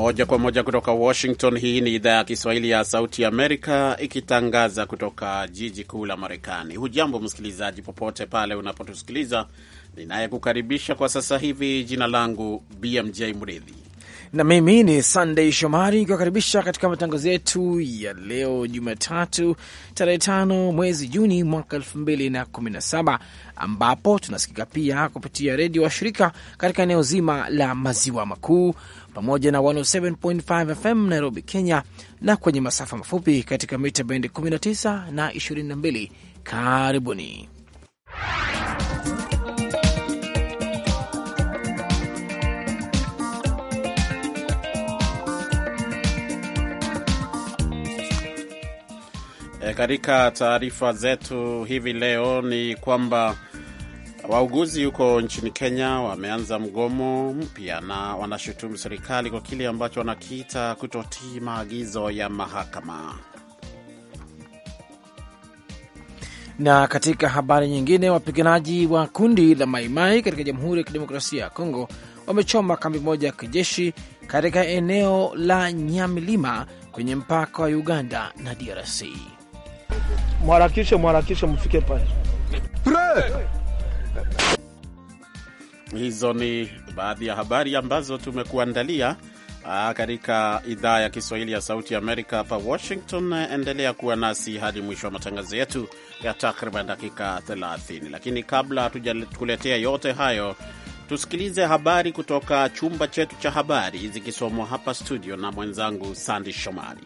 Moja kwa moja kutoka Washington. Hii ni idhaa ya Kiswahili ya Sauti Amerika ikitangaza kutoka jiji kuu la Marekani. Hujambo msikilizaji, popote pale unapotusikiliza. Ninayekukaribisha kwa sasa hivi, jina langu BMJ Mridhi na mimi ni Sunday Shomari kuwakaribisha katika matangazo yetu ya leo Jumatatu tarehe tano mwezi Juni mwaka saba ambapo tunasikika pia kupitia redio wa shirika katika eneo zima la maziwa makuu pamoja na 107.5 FM Nairobi, Kenya, na kwenye masafa mafupi katika mita bendi 19 na 22. Karibuni E, katika taarifa zetu hivi leo ni kwamba wauguzi huko nchini Kenya wameanza mgomo mpya na wanashutumu serikali kwa kile ambacho wanakiita kutotii maagizo ya mahakama. Na katika habari nyingine, wapiganaji wa kundi la Maimai katika Jamhuri ya Kidemokrasia ya Kongo wamechoma kambi moja ya kijeshi katika eneo la Nyamilima kwenye mpaka wa Uganda na DRC mwarakishe, mwarakishe, mfike pale. Hizo ni baadhi ya habari ambazo tumekuandalia ah, katika idhaa ya Kiswahili ya Sauti Amerika hapa Washington. Endelea kuwa nasi hadi mwisho wa matangazo yetu ya takriban dakika 30, lakini kabla hatujakuletea yote hayo, tusikilize habari kutoka chumba chetu cha habari zikisomwa hapa studio na mwenzangu Sandi Shomari.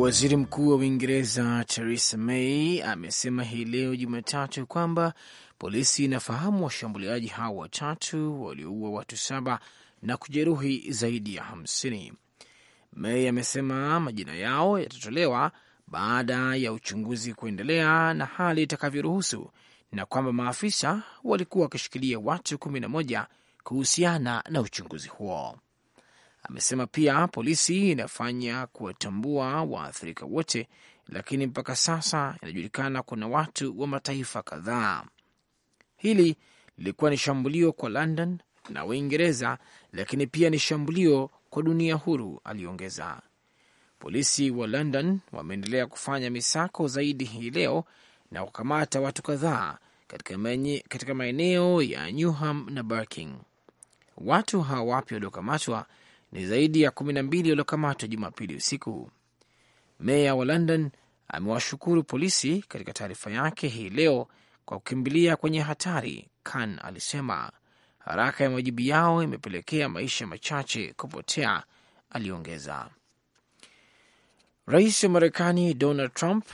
Waziri Mkuu wa Uingereza Theresa May amesema hii leo Jumatatu kwamba polisi inafahamu washambuliaji hao watatu walioua watu saba na kujeruhi zaidi ya hamsini. May amesema majina yao yatatolewa baada ya uchunguzi kuendelea na hali itakavyoruhusu na kwamba maafisa walikuwa wakishikilia watu kumi na moja kuhusiana na uchunguzi huo. Amesema pia polisi inafanya kuwatambua waathirika wote, lakini mpaka sasa inajulikana kuna watu wa mataifa kadhaa. Hili lilikuwa ni shambulio kwa London na Uingereza, lakini pia ni shambulio kwa dunia huru, aliongeza. Polisi wa London wameendelea kufanya misako zaidi hii leo na kukamata watu kadhaa katika maeneo ya Newham na Barking. Watu hawa wapya waliokamatwa ni zaidi ya kumi na mbili waliokamatwa Jumapili usiku. Meya wa London amewashukuru polisi katika taarifa yake hii leo kwa kukimbilia kwenye hatari. Khan alisema haraka ya majibu yao imepelekea maisha machache kupotea, aliongeza. Rais wa Marekani Donald Trump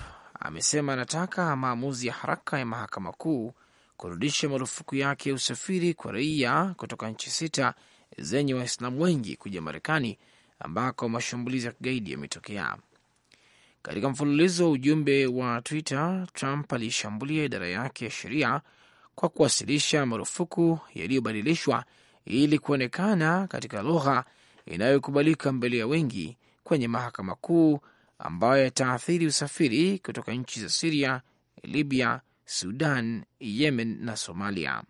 amesema anataka maamuzi ya haraka ya mahakama kuu kurudisha marufuku yake ya usafiri kwa raia kutoka nchi sita zenye Waislamu wengi kuja Marekani ambako mashambulizi ya kigaidi yametokea. Katika mfululizo wa ujumbe wa Twitter, Trump aliishambulia idara yake ya sheria kwa kuwasilisha marufuku yaliyobadilishwa ili kuonekana katika lugha inayokubalika mbele ya wengi kwenye mahakama kuu ambayo yataathiri usafiri kutoka nchi za Siria, Libya, Sudan, Yemen na Somalia.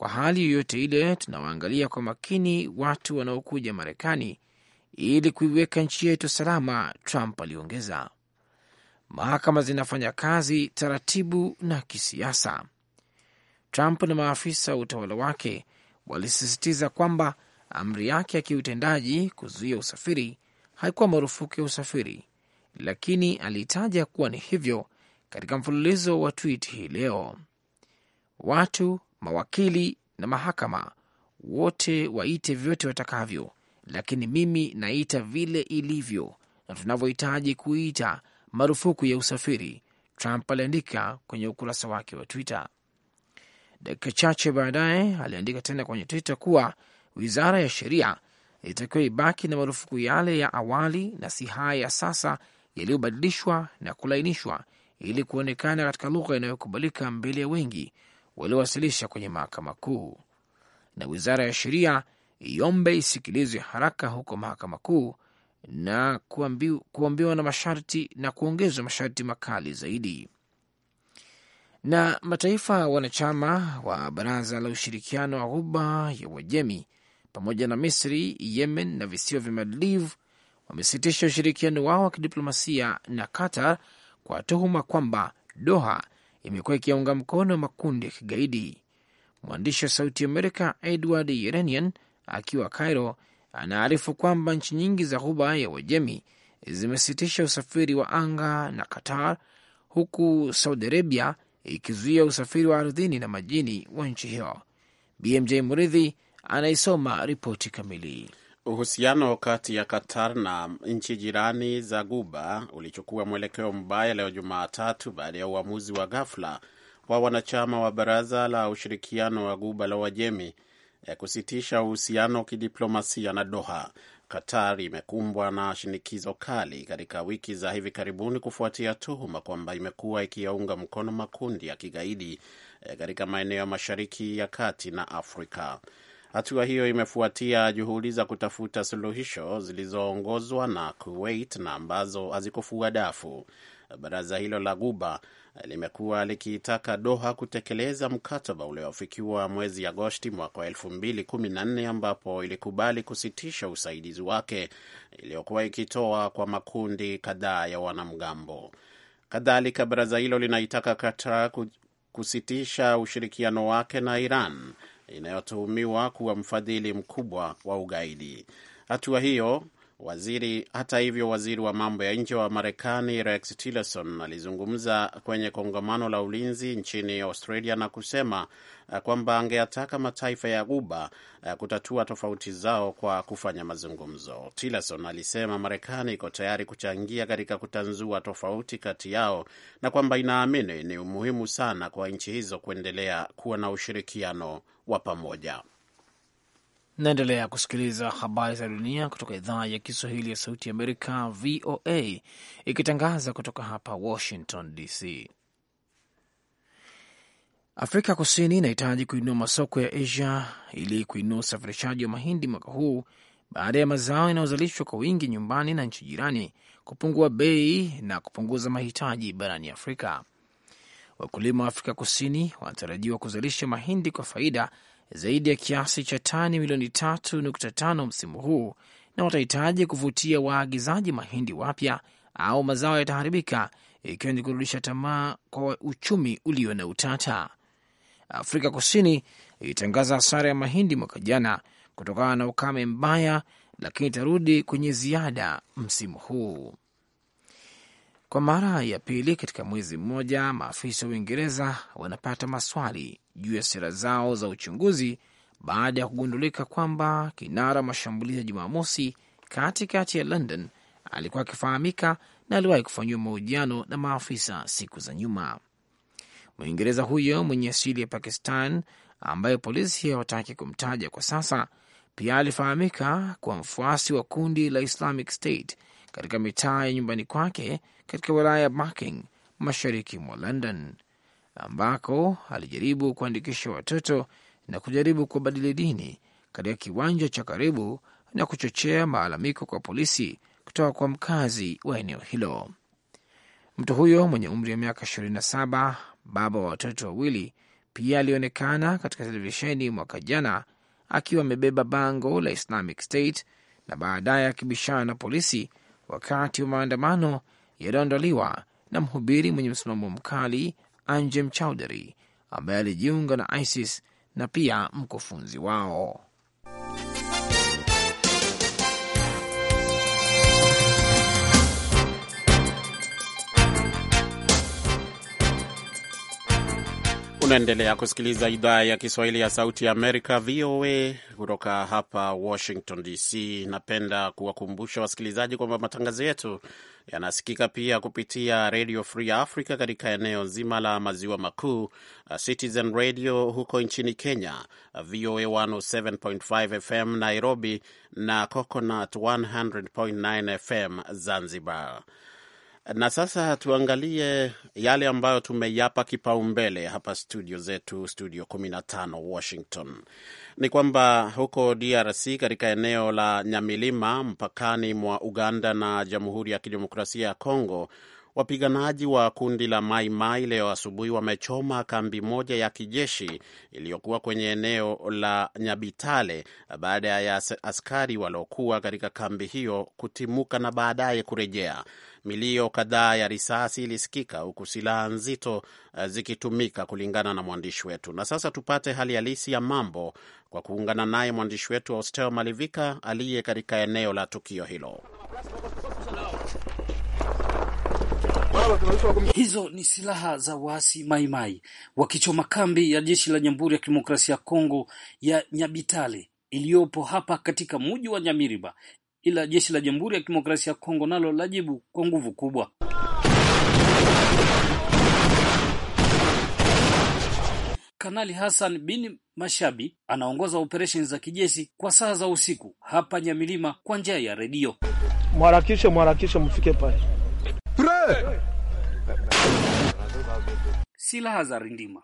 Kwa hali yoyote ile, tunawaangalia kwa makini watu wanaokuja Marekani ili kuiweka nchi yetu salama, Trump aliongeza. Mahakama zinafanya kazi taratibu na kisiasa. Trump na maafisa wa utawala wake walisisitiza kwamba amri yake ya kiutendaji kuzuia usafiri haikuwa marufuku ya usafiri, lakini aliitaja kuwa ni hivyo katika mfululizo wa twiti hii leo. Watu mawakili na mahakama, wote waite vyote watakavyo, lakini mimi naita vile ilivyo na tunavyohitaji kuita marufuku ya usafiri, Trump aliandika kwenye ukurasa wake wa Twitter. Dakika chache baadaye aliandika tena kwenye Twitter kuwa wizara ya sheria ilitakiwa ibaki na marufuku yale ya awali na si haya ya sasa yaliyobadilishwa na kulainishwa ili kuonekana katika lugha inayokubalika mbele ya wengi waliowasilisha kwenye mahakama kuu, na wizara ya sheria iombe isikilizwe haraka huko mahakama kuu na kuambi, kuambiwa na masharti na kuongezwa masharti makali zaidi. Na mataifa wanachama wa Baraza la Ushirikiano wa Ghuba ya Uajemi pamoja na Misri, Yemen na visiwa vya Maldiv wamesitisha ushirikiano wao wa kidiplomasia na Qatar kwa tuhuma kwamba Doha imekuwa ikiyaunga mkono makundi ya kigaidi. Mwandishi wa Sauti Amerika Edward Yeranian akiwa Cairo anaarifu kwamba nchi nyingi za Ghuba ya Uajemi zimesitisha usafiri wa anga na Qatar, huku Saudi Arabia ikizuia usafiri wa ardhini na majini wa nchi hiyo. BMJ Muridhi anaisoma ripoti kamili. Uhusiano kati ya Qatar na nchi jirani za Guba ulichukua mwelekeo mbaya leo Jumatatu baada ya uamuzi wa ghafla wa wanachama wa Baraza la Ushirikiano wa Guba la Uajemi ya eh, kusitisha uhusiano wa kidiplomasia na Doha. Qatar imekumbwa na shinikizo kali katika wiki za hivi karibuni kufuatia tuhuma kwamba imekuwa ikiyaunga mkono makundi ya kigaidi eh, katika maeneo ya Mashariki ya Kati na Afrika. Hatua hiyo imefuatia juhudi za kutafuta suluhisho zilizoongozwa na Kuwait na ambazo hazikufua dafu. Baraza hilo la Guba limekuwa likiitaka Doha kutekeleza mkataba uliofikiwa mwezi Agosti mwaka 214 elfu mbili kumi na nne ambapo ilikubali kusitisha usaidizi wake iliyokuwa ikitoa kwa makundi kadhaa ya wanamgambo. Kadhalika, baraza hilo linaitaka Qatar kusitisha ushirikiano wake na Iran inayotuhumiwa kuwa mfadhili mkubwa wa ugaidi. Hatua hiyo Waziri hata hivyo, waziri wa mambo ya nje wa Marekani Rex Tillerson alizungumza kwenye kongamano la ulinzi nchini Australia na kusema eh, kwamba angeyataka mataifa ya Ghuba eh, kutatua tofauti zao kwa kufanya mazungumzo. Tillerson alisema Marekani iko tayari kuchangia katika kutanzua tofauti kati yao na kwamba inaamini ni muhimu sana kwa nchi hizo kuendelea kuwa na ushirikiano wa pamoja. Naendelea kusikiliza habari za dunia kutoka idhaa ya Kiswahili ya Sauti ya Amerika, VOA, ikitangaza kutoka hapa Washington DC. Afrika Kusini inahitaji kuinua masoko ya Asia ili kuinua usafirishaji wa mahindi mwaka huu baada ya mazao yanayozalishwa kwa wingi nyumbani na nchi jirani kupungua bei na kupunguza mahitaji barani Afrika. Wakulima wa Afrika Kusini wanatarajiwa kuzalisha mahindi kwa faida zaidi ya kiasi cha tani milioni 3.5 msimu huu na watahitaji kuvutia waagizaji mahindi wapya au mazao yataharibika, ikiwa ni kurudisha tamaa kwa uchumi ulio na utata. Afrika Kusini ilitangaza hasara ya mahindi mwaka jana kutokana na ukame mbaya, lakini itarudi kwenye ziada msimu huu. Kwa mara ya pili katika mwezi mmoja, maafisa wa Uingereza wanapata maswali juu ya sera zao za uchunguzi baada ya kugundulika kwamba kinara mashambulizi ya Jumamosi katikati ya London alikuwa akifahamika na aliwahi kufanyiwa mahojiano na maafisa siku za nyuma. Mwingereza huyo mwenye asili ya Pakistan, ambaye polisi hawataki kumtaja kwa sasa, pia alifahamika kwa mfuasi wa kundi la Islamic State katika mitaa ya nyumbani kwake katika wilaya ya Barking mashariki mwa London, ambako alijaribu kuandikisha watoto na kujaribu kubadili dini katika kiwanja cha karibu na kuchochea maalamiko kwa polisi kutoka kwa mkazi wa eneo hilo. Mtu huyo mwenye umri wa miaka 27, baba wa watoto wawili, pia alionekana katika televisheni mwaka jana akiwa amebeba bango la Islamic State na baadaye akibishana na polisi wakati wa maandamano yaliyoandaliwa na mhubiri mwenye msimamo mkali Anjem Chowdhury ambaye alijiunga na ISIS na pia mkufunzi wao. Unaendelea kusikiliza idhaa ya Kiswahili ya Sauti ya Amerika, VOA, kutoka hapa Washington DC. Napenda kuwakumbusha wasikilizaji kwamba matangazo yetu yanasikika pia kupitia Radio Free Africa katika eneo zima la maziwa makuu, uh, Citizen Radio huko nchini Kenya, uh, VOA 107.5 FM Nairobi na Coconut 100.9 FM Zanzibar. Na sasa tuangalie yale ambayo tumeyapa kipaumbele hapa studio zetu, studio 15 Washington. Ni kwamba huko DRC katika eneo la Nyamilima mpakani mwa Uganda na Jamhuri ya Kidemokrasia ya Kongo Wapiganaji wa kundi la Mai Mai leo asubuhi wamechoma kambi moja ya kijeshi iliyokuwa kwenye eneo la Nyabitale baada ya askari waliokuwa katika kambi hiyo kutimuka na baadaye kurejea. Milio kadhaa ya risasi ilisikika huku silaha nzito eh, zikitumika, kulingana na mwandishi wetu. Na sasa tupate hali halisi ya mambo kwa kuungana naye mwandishi wetu Austel Malivika aliye katika eneo la tukio hilo. Hizo ni silaha za waasi Maimai wakichoma kambi ya jeshi la Jamhuri ya Kidemokrasia ya Kongo ya Nyabitale iliyopo hapa katika mji wa Nyamiriba, ila jeshi la Jamhuri ya Kidemokrasia ya Kongo nalo lajibu kwa nguvu kubwa. Kanali Hassan bin Mashabi anaongoza operesheni za kijeshi kwa saa za usiku hapa Nyamilima kwa njia ya redio. Mwarakishe, mwarakishe, mfike pale silaha za rindima.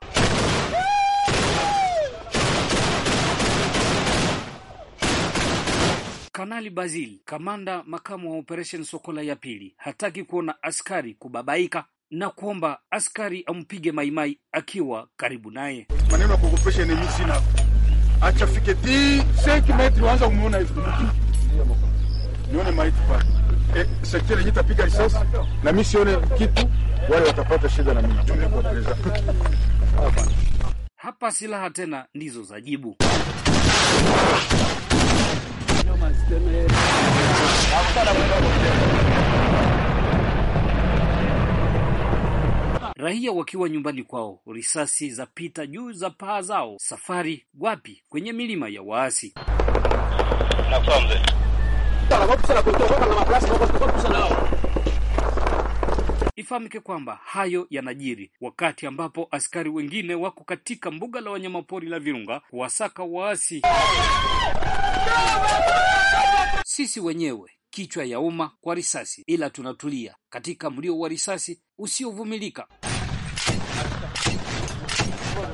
Kanali Bazil, kamanda makamu wa Operation Sokola ya pili, hataki kuona askari kubabaika na kuomba askari ampige Maimai akiwa karibu naye. Maneno ya kuogopesha ni mimi sina, acha fike ti senki metri wanza kumuona hivi, nione maiti pa eh, sekere hii tapiga risasi na mimi sione kitu wale watapata shida na hapa. silaha tena ndizo za jibu. Raia wakiwa nyumbani kwao, risasi za pita juu za paa zao. Safari wapi? Kwenye milima ya waasi. Ifahamike kwamba hayo yanajiri wakati ambapo askari wengine wako katika mbuga la wanyamapori la Virunga kuwasaka waasi. Sisi wenyewe kichwa ya umma kwa risasi, ila tunatulia katika mlio wa risasi usiovumilika.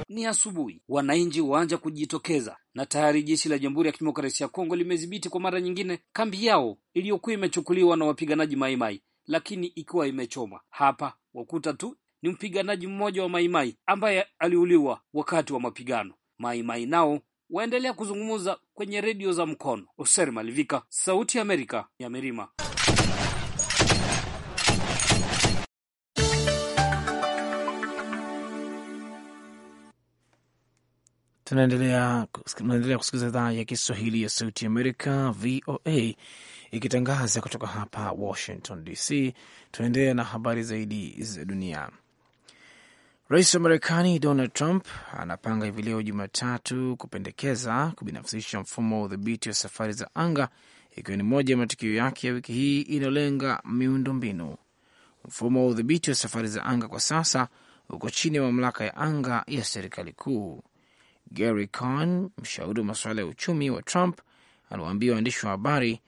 Ni asubuhi, wananchi waanza kujitokeza, na tayari jeshi la Jamhuri ya Kidemokrasia ya Kongo limedhibiti kwa mara nyingine kambi yao iliyokuwa imechukuliwa na wapiganaji Maimai lakini ikiwa imechoma hapa wakuta tu ni mpiganaji mmoja wa Maimai ambaye aliuliwa wakati wa mapigano. Maimai nao waendelea kuzungumza kwenye redio za mkono. Oser Malivika, Sauti Amerika, ya mirima Tunaendelea kusikiliza idhaa ya Kiswahili ya Sauti ya Amerika, VOA ikitangaza kutoka hapa Washington DC. Tunaendelea na habari zaidi za dunia. Rais wa Marekani Donald Trump anapanga hivi leo Jumatatu kupendekeza kubinafsisha mfumo wa udhibiti wa safari za anga, ikiwa ni moja ya matukio yake ya wiki hii inayolenga miundo mbinu Mfumo wa udhibiti wa safari za anga kwa sasa uko chini ya mamlaka ya anga ya serikali kuu. Gary Cohn, mshauri wa masuala ya uchumi wa Trump, aliwaambia waandishi wa habari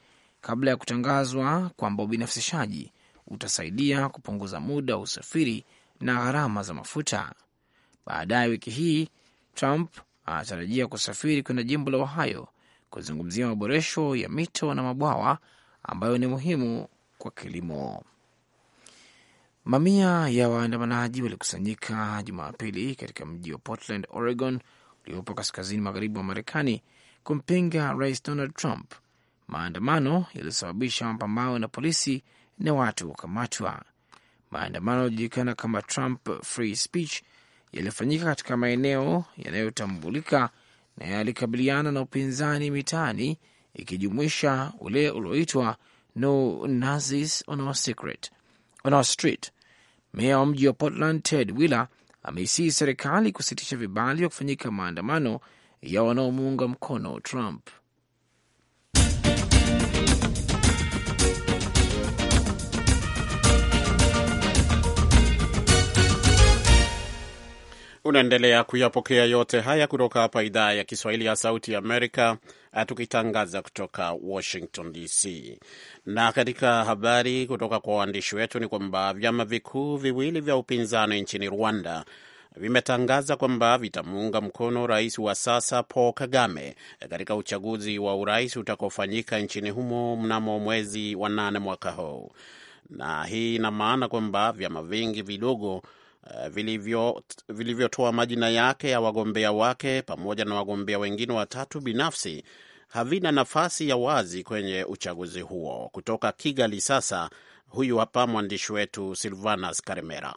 kabla ya kutangazwa kwamba ubinafsishaji utasaidia kupunguza muda wa usafiri na gharama za mafuta. Baadaye wiki hii Trump anatarajia kusafiri kwenda jimbo la Ohio kuzungumzia maboresho ya mito na mabwawa ambayo ni muhimu kwa kilimo. Mamia ya waandamanaji walikusanyika Jumapili katika mji wa Portland, Oregon, uliopo kaskazini magharibi wa Marekani kumpinga Rais Donald Trump Maandamano yalisababisha mapambano na polisi na watu wakamatwa. Maandamano yalijulikana kama Trump Free Speech yalifanyika katika maeneo yanayotambulika na yalikabiliana na upinzani mitaani, ikijumuisha ule ulioitwa No Nazis on our Secret, on our Street. Meya wa mji wa Portland Ted Wheeler ameisihi serikali kusitisha vibali vya kufanyika maandamano ya wanaomuunga mkono Trump. Unaendelea kuyapokea yote haya kutoka hapa idhaa ya Kiswahili ya Sauti ya Amerika, eh, tukitangaza kutoka Washington DC. Na katika habari kutoka kwa waandishi wetu ni kwamba vyama vikuu viwili vya upinzani nchini Rwanda vimetangaza kwamba vitamuunga mkono rais wa sasa Paul Kagame eh, katika uchaguzi wa urais utakaofanyika nchini humo mnamo mwezi wa nane mwaka huu, na hii ina maana kwamba vyama vingi vidogo Eh, vilivyotoa vilivyo majina yake ya wagombea wake pamoja na wagombea wengine watatu binafsi havina nafasi ya wazi kwenye uchaguzi huo. Kutoka Kigali sasa, huyu hapa mwandishi wetu Silvanas karmera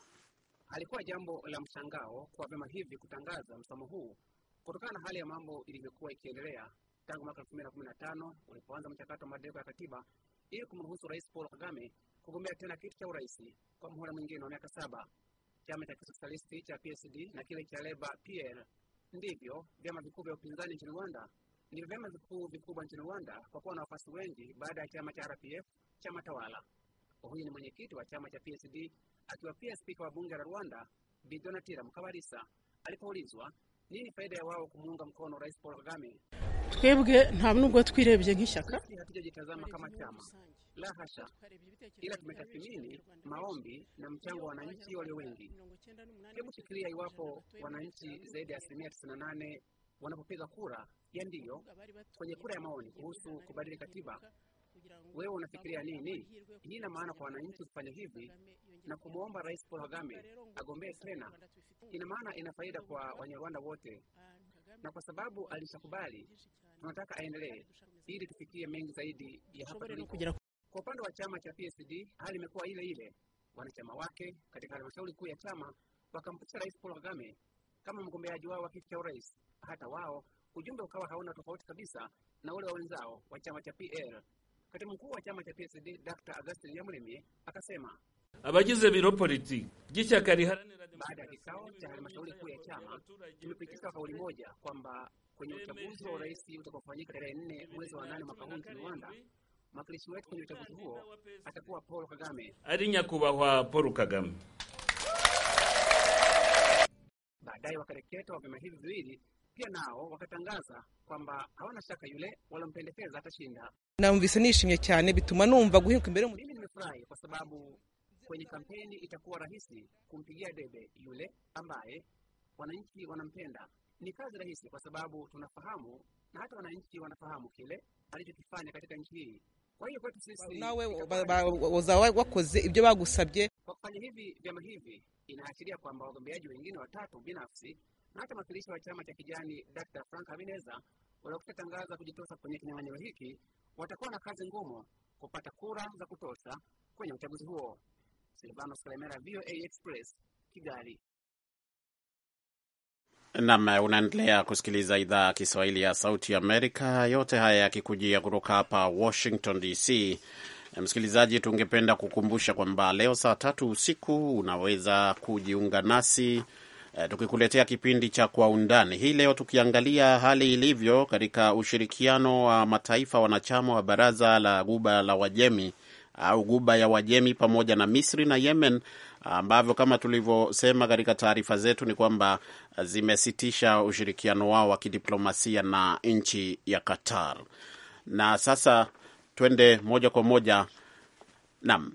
Halikuwa jambo la mshangao kwa vyama hivi kutangaza msamo huu kutokana na hali ya mambo ilivyokuwa ikiendelea tangu mwaka elfu mbili na kumi na tano ulipoanza mchakato wa mabadiliko ya katiba ili kumruhusu Rais Paul Kagame kugombea tena kiti cha urais kwa muhula mwingine wa miaka saba chama cha kisosialisti cha PSD na kile cha Leba PL ndivyo vyama vikuu vya upinzani nchini Rwanda ndivyo vyama vikuu vikubwa nchini Rwanda kwa kuwa na wafuasi wengi baada ya chama cha RPF, chama tawala. Huyu ni mwenyekiti wa chama cha PSD akiwa pia spika wa bunge la Rwanda bidonatira Donatilla alipoulizwa nini faida ya wao kumuunga mkono Rais Paul Kagame twebwe nta nubwo twirebye nk'ishyaka kama chama la hasha, ila tumetathmini maombi na mchango wa wananchi walio wengi. Hebu fikiria iwapo wananchi zaidi ya asilimia tisini na nane wanapopiga kura ya ndiyo kwenye kura ya maoni kuhusu kubadili katiba, wewe unafikiria nini? Hii ina maana kwa wananchi kufanya hivi na kumwomba Rais Paul Kagame agombee tena, ina maana ina faida kwa Wanyarwanda wote na kwa sababu alishakubali, tunataka aendelee ili tufikie mengi zaidi ya hapa tulipo. Kwa upande wa chama cha PSD, hali imekuwa ile ile. Wanachama wake katika halmashauri kuu ya chama wakampitisha Rais Paul Kagame kama mgombeaji wao wa kiti cha urais. Hata wao ujumbe ukawa hauna tofauti kabisa na ule wa wenzao wa chama cha PL. Katibu mkuu wa chama cha PSD Dr. Augustin Nyamulemi akasema abagize biro politiki by'ishyaka riharanira baada ya kikao cha halmashauri kuu ya chama tumepitisha kauli moja kwamba kwenye uchaguzi wa urais utakaofanyika tarehe nne mwezi wa nane mwaka huu nchini Rwanda, mwakilishi wetu kwenye uchaguzi huo atakuwa Paul Kagame ari nyakubahwa Paul Kagame. Baadaye wakareketwa wa vyama hivi viwili pia nao wakatangaza kwamba hawana shaka yule walompendekeza atashinda. Namvise nishimye cyane bituma numva guhinduka imbere. Mimi nimefurahi kwa sababu kwenye kampeni itakuwa rahisi kumpigia debe yule ambaye wananchi wanampenda. Ni kazi rahisi, kwa sababu tunafahamu na hata wananchi wanafahamu kile alichokifanya katika nchi hii. Kwa hiyo kwetu sisi nawe wakoze ibyo bagusabye. Kwa kufanya hivi vyama hivi, inaashiria kwamba wagombeaji wengine watatu binafsi na hata mwakilishi wa chama cha kijani Dr. Frank Habineza tangaza kujitosa kwenye kinyang'anyiro hiki watakuwa na kazi ngumu kupata kura za kutosha kwenye uchaguzi huo. Silvano Scalemera, VOA Express, Kigali. Nam, unaendelea kusikiliza idhaa ya Kiswahili ya Sauti Amerika, yote haya yakikujia kutoka hapa Washington DC. Msikilizaji, tungependa kukumbusha kwamba leo saa tatu usiku unaweza kujiunga nasi e, tukikuletea kipindi cha Kwa Undani hii leo, tukiangalia hali ilivyo katika ushirikiano wa mataifa wanachama wa Baraza la guba la Wajemi au guba ya Wajemi pamoja na Misri na Yemen ambavyo kama tulivyosema katika taarifa zetu ni kwamba zimesitisha ushirikiano wao wa kidiplomasia na nchi ya Qatar. Na sasa twende moja kwa moja nam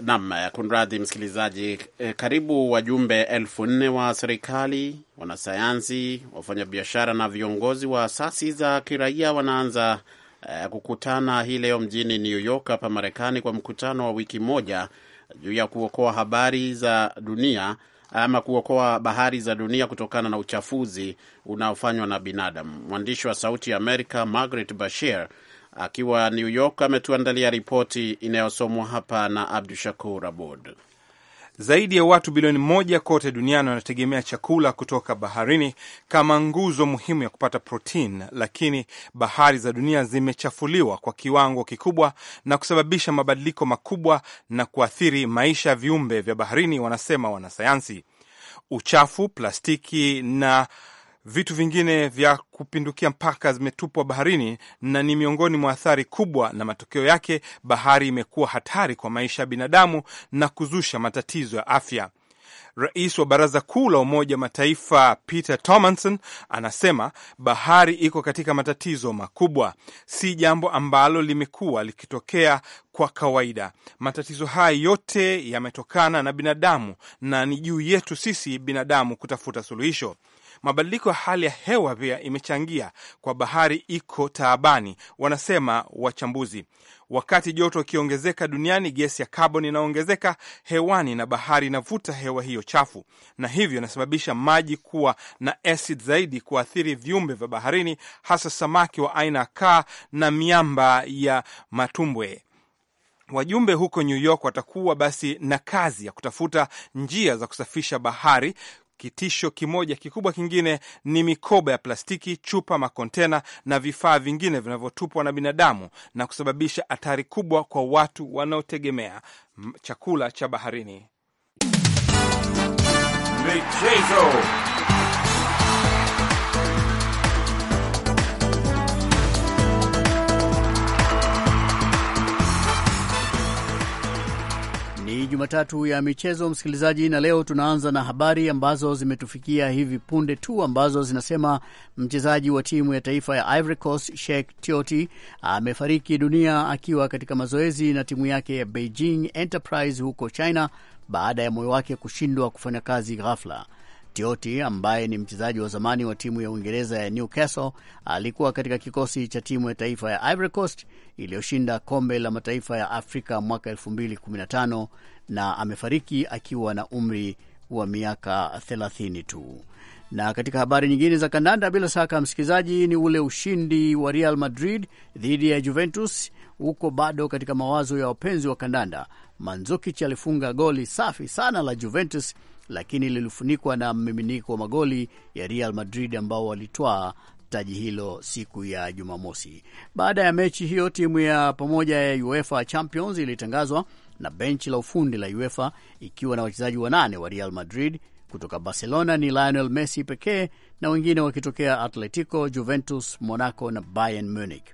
Naam, kunradhi msikilizaji. Eh, karibu wajumbe elfu nne wa serikali, wanasayansi, wafanyabiashara na viongozi wa asasi za kiraia wanaanza eh, kukutana hii leo mjini New York hapa Marekani kwa mkutano wa wiki moja juu ya kuokoa habari za dunia ama kuokoa bahari za dunia kutokana na uchafuzi unaofanywa na binadamu. Mwandishi wa Sauti ya Amerika Margaret Bashir akiwa New York ametuandalia ripoti inayosomwa hapa na Abdu Shakur Abud. Zaidi ya watu bilioni moja kote duniani wanategemea chakula kutoka baharini kama nguzo muhimu ya kupata protein lakini bahari za dunia zimechafuliwa kwa kiwango kikubwa na kusababisha mabadiliko makubwa na kuathiri maisha ya viumbe vya baharini, wanasema wanasayansi. Uchafu, plastiki na Vitu vingine vya kupindukia mpaka zimetupwa baharini na ni miongoni mwa athari kubwa, na matokeo yake bahari imekuwa hatari kwa maisha ya binadamu na kuzusha matatizo ya afya. Rais wa Baraza Kuu la Umoja wa Mataifa Peter Thomason anasema bahari iko katika matatizo makubwa, si jambo ambalo limekuwa likitokea kwa kawaida. Matatizo haya yote yametokana na binadamu na ni juu yetu sisi binadamu kutafuta suluhisho. Mabadiliko ya hali ya hewa pia imechangia kwa bahari iko taabani, wanasema wachambuzi. Wakati joto ikiongezeka duniani, gesi ya kaboni inaongezeka hewani na bahari inavuta hewa hiyo chafu, na hivyo inasababisha maji kuwa na acid zaidi, kuathiri viumbe vya baharini, hasa samaki wa aina ya kaa na miamba ya matumbwe. Wajumbe huko New York watakuwa basi na kazi ya kutafuta njia za kusafisha bahari Kitisho kimoja kikubwa kingine ni mikoba ya plastiki, chupa, makontena na vifaa vingine vinavyotupwa na binadamu na kusababisha hatari kubwa kwa watu wanaotegemea chakula cha baharini. Michezo. Ni Jumatatu ya michezo, msikilizaji, na leo tunaanza na habari ambazo zimetufikia hivi punde tu ambazo zinasema mchezaji wa timu ya taifa ya Ivory Coast Sheikh amefariki dunia akiwa katika mazoezi na timu yake ya Beijing Enterprise huko China baada ya moyo wake kushindwa kufanya kazi ghafla. Tioti ambaye ni mchezaji wa zamani wa timu ya Uingereza ya Newcastle alikuwa katika kikosi cha timu ya taifa ya Ivory Coast iliyoshinda kombe la mataifa ya Afrika mwaka 2015 na amefariki akiwa na umri wa miaka 30 tu. Na katika habari nyingine za kandanda, bila shaka msikilizaji, ni ule ushindi wa Real Madrid dhidi ya Juventus huko bado katika mawazo ya wapenzi wa kandanda. Manzukich alifunga goli safi sana la Juventus lakini lilifunikwa na mmiminiko wa magoli ya Real Madrid ambao walitwaa taji hilo siku ya Jumamosi. Baada ya mechi hiyo, timu ya pamoja ya UEFA Champions ilitangazwa na benchi la ufundi la UEFA ikiwa na wachezaji wanane wa Real Madrid. Kutoka Barcelona ni Lionel Messi pekee na wengine wakitokea Atletico, Juventus, Monaco na Bayern Munich.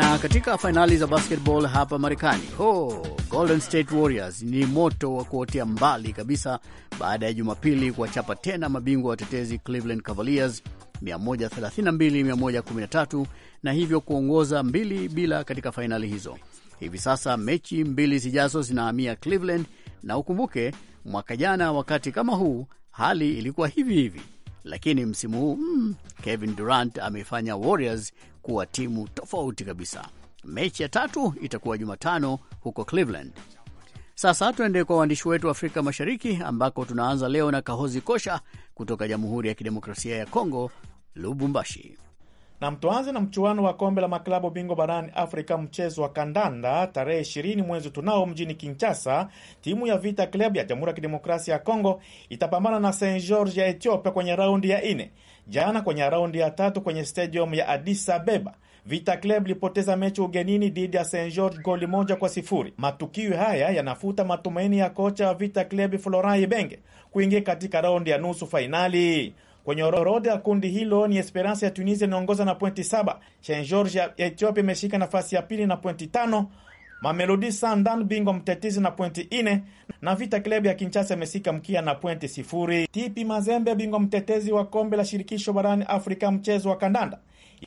Na katika fainali za basketball hapa Marekani, oh, Golden State Warriors ni moto wa kuotea mbali kabisa baada ya Jumapili kuwachapa tena mabingwa watetezi Cleveland Cavaliers 132 113 na hivyo kuongoza mbili bila katika fainali hizo. Hivi sasa mechi mbili zijazo zinahamia Cleveland, na ukumbuke mwaka jana wakati kama huu hali ilikuwa hivi hivi lakini msimu huu mm, Kevin Durant ameifanya Warriors kuwa timu tofauti kabisa. Mechi ya tatu itakuwa Jumatano huko Cleveland. Sasa tuende kwa waandishi wetu wa Afrika Mashariki, ambako tunaanza leo na Kahozi Kosha kutoka Jamhuri ya Kidemokrasia ya Kongo, Lubumbashi. Na mtuanze na mchuano wa kombe la maklabu bingwa barani Afrika, mchezo wa kandanda tarehe 20 mwezi tunao mjini Kinshasa, timu ya Vita Club ya Jamhuri ya Kidemokrasia ya Kongo itapambana na St George ya Ethiopia kwenye raundi ya nne. Jana kwenye raundi ya tatu kwenye stadium ya Addis Abeba, Vita Club lipoteza mechi ugenini dhidi ya St George goli moja kwa sifuri. Matukio haya yanafuta matumaini ya kocha wa Vita Club Florai Ibenge kuingia katika raundi ya nusu fainali. Kwenye orodha ya kundi hilo ni Esperance ya Tunisia inaongoza na pointi saba. Saint George ya Ethiopia imeshika nafasi ya pili na pointi tano. Mamelodi Sundowns bingwa mtetezi na pointi ine na Vita Club ya Kinshasa imesika mkia na pointi sifuri. TP Mazembe bingwa mtetezi wa kombe la shirikisho barani Afrika mchezo wa kandanda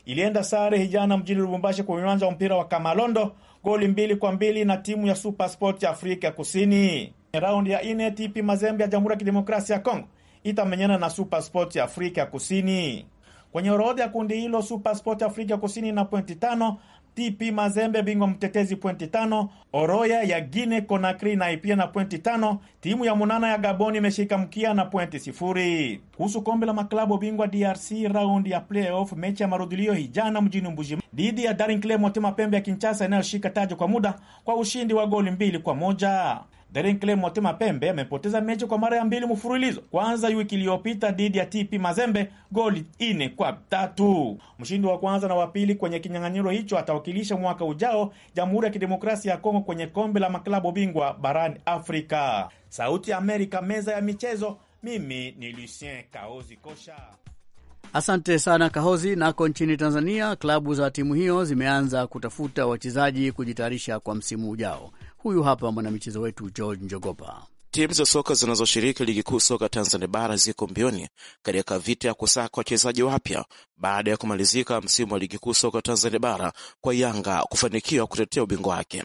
ilienda sare hijana mjini Lubumbashi kwenye uwanja wa mpira wa Kamalondo goli mbili kwa mbili na timu ya supersport ya Afrika Kusini. Raundi ya ine, TP Mazembe ya Jamhuri ya Kidemokrasia ya Kongo itamenyana na Supersport ya Afrika Kusini. Kwenye orodha ya kundi hilo, Supersport ya Afrika Kusini na pointi tano, TP Mazembe bingwa mtetezi pointi tano, Oroya ya Guine conakri na ipia na pointi tano. Timu ya munana ya Gaboni imeshika mkia na pointi sifuri. Kuhusu kombe la maklabu bingwa DRC raundi ya playoff, mechi ya marudhulio hijana mjini Mbuji dhidi ya Daring Club Motema Pembe ya kinchasa inayoshika taji kwa muda kwa ushindi wa goli mbili kwa moja. Clay Motema Pembe amepoteza mechi kwa mara ya mbili mfululizo, kwanza wiki iliyopita dhidi ya TP Mazembe goli ine kwa tatu. Mshindi wa kwanza na wa pili kwenye kinyang'anyiro hicho atawakilisha mwaka ujao Jamhuri ya Kidemokrasia ya Kongo kwenye kombe la maklabu bingwa barani Afrika. Sauti ya Amerika, meza ya michezo. Mimi ni Lucien Kaozi Kosha. Asante sana Kahozi. Nako nchini Tanzania, klabu za timu hiyo zimeanza kutafuta wachezaji kujitayarisha kwa msimu ujao. Huyu hapa mwanamichezo wetu George Njogopa. Timu za soka zinazoshiriki ligi kuu soka Tanzania bara ziko mbioni katika vita ya kusaka wachezaji wapya baada ya kumalizika msimu wa ligi kuu soka Tanzania bara kwa Yanga kufanikiwa kutetea ubingwa wake.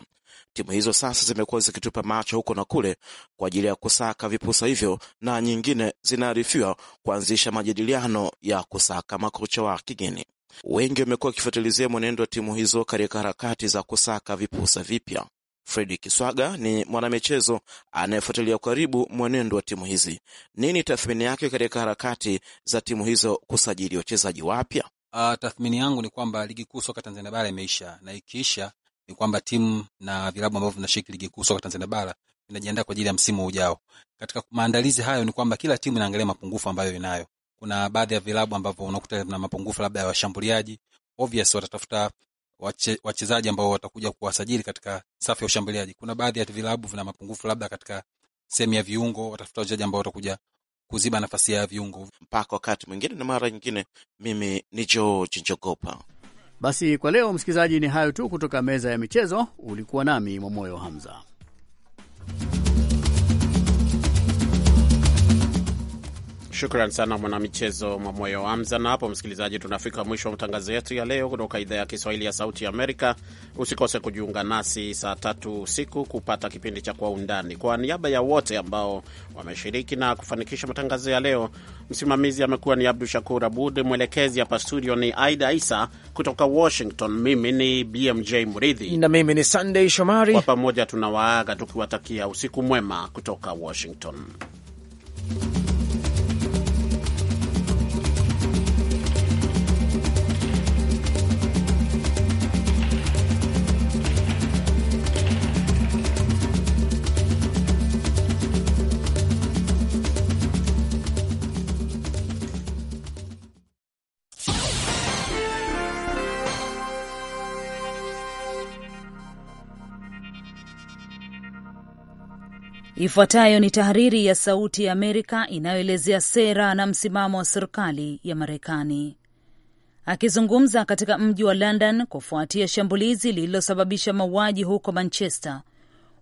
Timu hizo sasa zimekuwa zikitupa macho huko na kule kwa ajili ya kusaka vipusa hivyo, na nyingine zinaarifiwa kuanzisha majadiliano ya kusaka makocha wa kigeni. Wengi wamekuwa wakifuatilizia mwenendo wa timu hizo katika harakati za kusaka vipusa vipya. Fredi Kiswaga ni mwanamichezo anayefuatilia karibu mwenendo wa timu hizi. Nini tathmini yake katika harakati za timu hizo kusajili wachezaji wapya? Uh, tathmini yangu ni kwamba ligi kuu soka Tanzania bara imeisha, na ikiisha ni kwamba timu na vilabu ambavyo vinashiriki ligi kuu soka Tanzania bara vinajiandaa kwa ajili ya msimu ujao. Katika maandalizi hayo, ni kwamba kila timu inaangalia mapungufu ambayo inayo. Kuna baadhi ya vilabu ambavyo unakuta na mapungufu labda ya washambuliaji, obvious watatafuta wachezaji ambao watakuja kuwasajili katika safu ya ushambuliaji. Kuna baadhi ya vilabu vina mapungufu labda katika sehemu ya viungo, watafuta wachezaji ambao watakuja kuziba nafasi ya viungo. Mpaka wakati mwingine na mara nyingine, mimi ni George Njogopa. Basi kwa leo, msikilizaji, ni hayo tu kutoka meza ya michezo. Ulikuwa nami Mwamoyo Hamza. Shukran sana mwanamichezo Mwamoyo Hamza. Na hapo, msikilizaji, tunafika mwisho wa matangazo yetu ya leo kutoka idhaa ya Kiswahili ya Sauti ya Amerika. Usikose kujiunga nasi saa tatu usiku kupata kipindi cha Kwa Undani. Kwa niaba ya wote ambao wameshiriki na kufanikisha matangazo ya leo, msimamizi amekuwa ni Abdu Shakur Abud, mwelekezi hapa studio ni Aida Isa kutoka Washington. Mimi ni BMJ Muridhi na mimi ni Sandey Shomari. Kwa pamoja tunawaaga tukiwatakia usiku mwema kutoka Washington. Ifuatayo ni tahariri ya Sauti ya Amerika inayoelezea sera na msimamo wa serikali ya Marekani. Akizungumza katika mji wa London kufuatia shambulizi lililosababisha mauaji huko Manchester,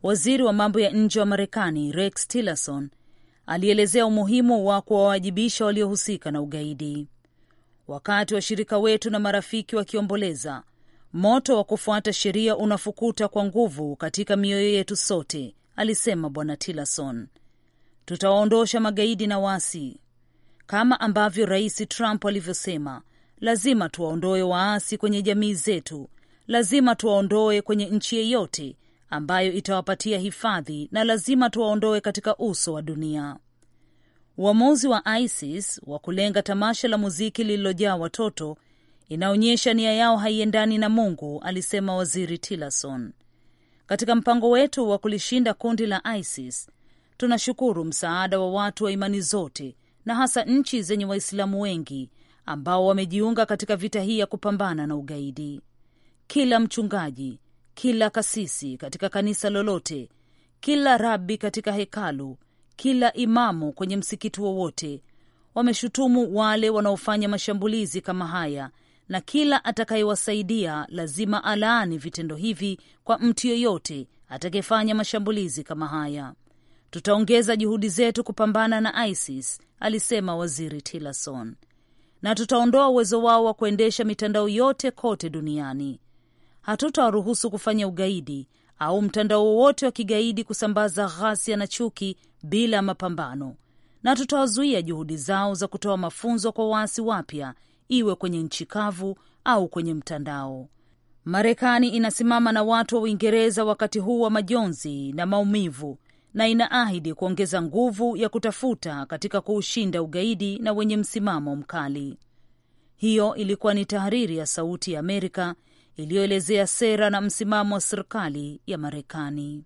waziri wa mambo ya nje wa Marekani Rex Tillerson alielezea umuhimu wa kuwawajibisha waliohusika na ugaidi. Wakati washirika wetu na marafiki wakiomboleza, moto wa kufuata sheria unafukuta kwa nguvu katika mioyo yetu sote alisema Bwana Tillerson. Tutawaondosha magaidi na waasi kama ambavyo Rais Trump alivyosema. Lazima tuwaondoe waasi kwenye jamii zetu, lazima tuwaondoe kwenye nchi yeyote ambayo itawapatia hifadhi, na lazima tuwaondoe katika uso wa dunia. Uamuzi wa ISIS wa kulenga tamasha la muziki lililojaa watoto inaonyesha nia yao haiendani na Mungu, alisema Waziri Tillerson katika mpango wetu wa kulishinda kundi la ISIS. Tunashukuru msaada wa watu wa imani zote na hasa nchi zenye Waislamu wengi ambao wamejiunga katika vita hii ya kupambana na ugaidi. Kila mchungaji, kila kasisi katika kanisa lolote, kila rabi katika hekalu, kila imamu kwenye msikiti wowote wameshutumu wale wanaofanya mashambulizi kama haya na kila atakayewasaidia lazima alaani vitendo hivi kwa mtu yoyote atakayefanya mashambulizi kama haya. Tutaongeza juhudi zetu kupambana na ISIS, alisema Waziri Tillerson, na tutaondoa uwezo wao wa kuendesha mitandao yote kote duniani. Hatutawaruhusu kufanya ugaidi au mtandao wowote wa kigaidi kusambaza ghasia na chuki bila mapambano, na tutawazuia juhudi zao za kutoa mafunzo kwa waasi wapya iwe kwenye nchi kavu au kwenye mtandao. Marekani inasimama na watu wa Uingereza wakati huu wa majonzi na maumivu na inaahidi kuongeza nguvu ya kutafuta katika kuushinda ugaidi na wenye msimamo mkali. Hiyo ilikuwa ni tahariri ya Sauti ya Amerika iliyoelezea sera na msimamo wa serikali ya Marekani.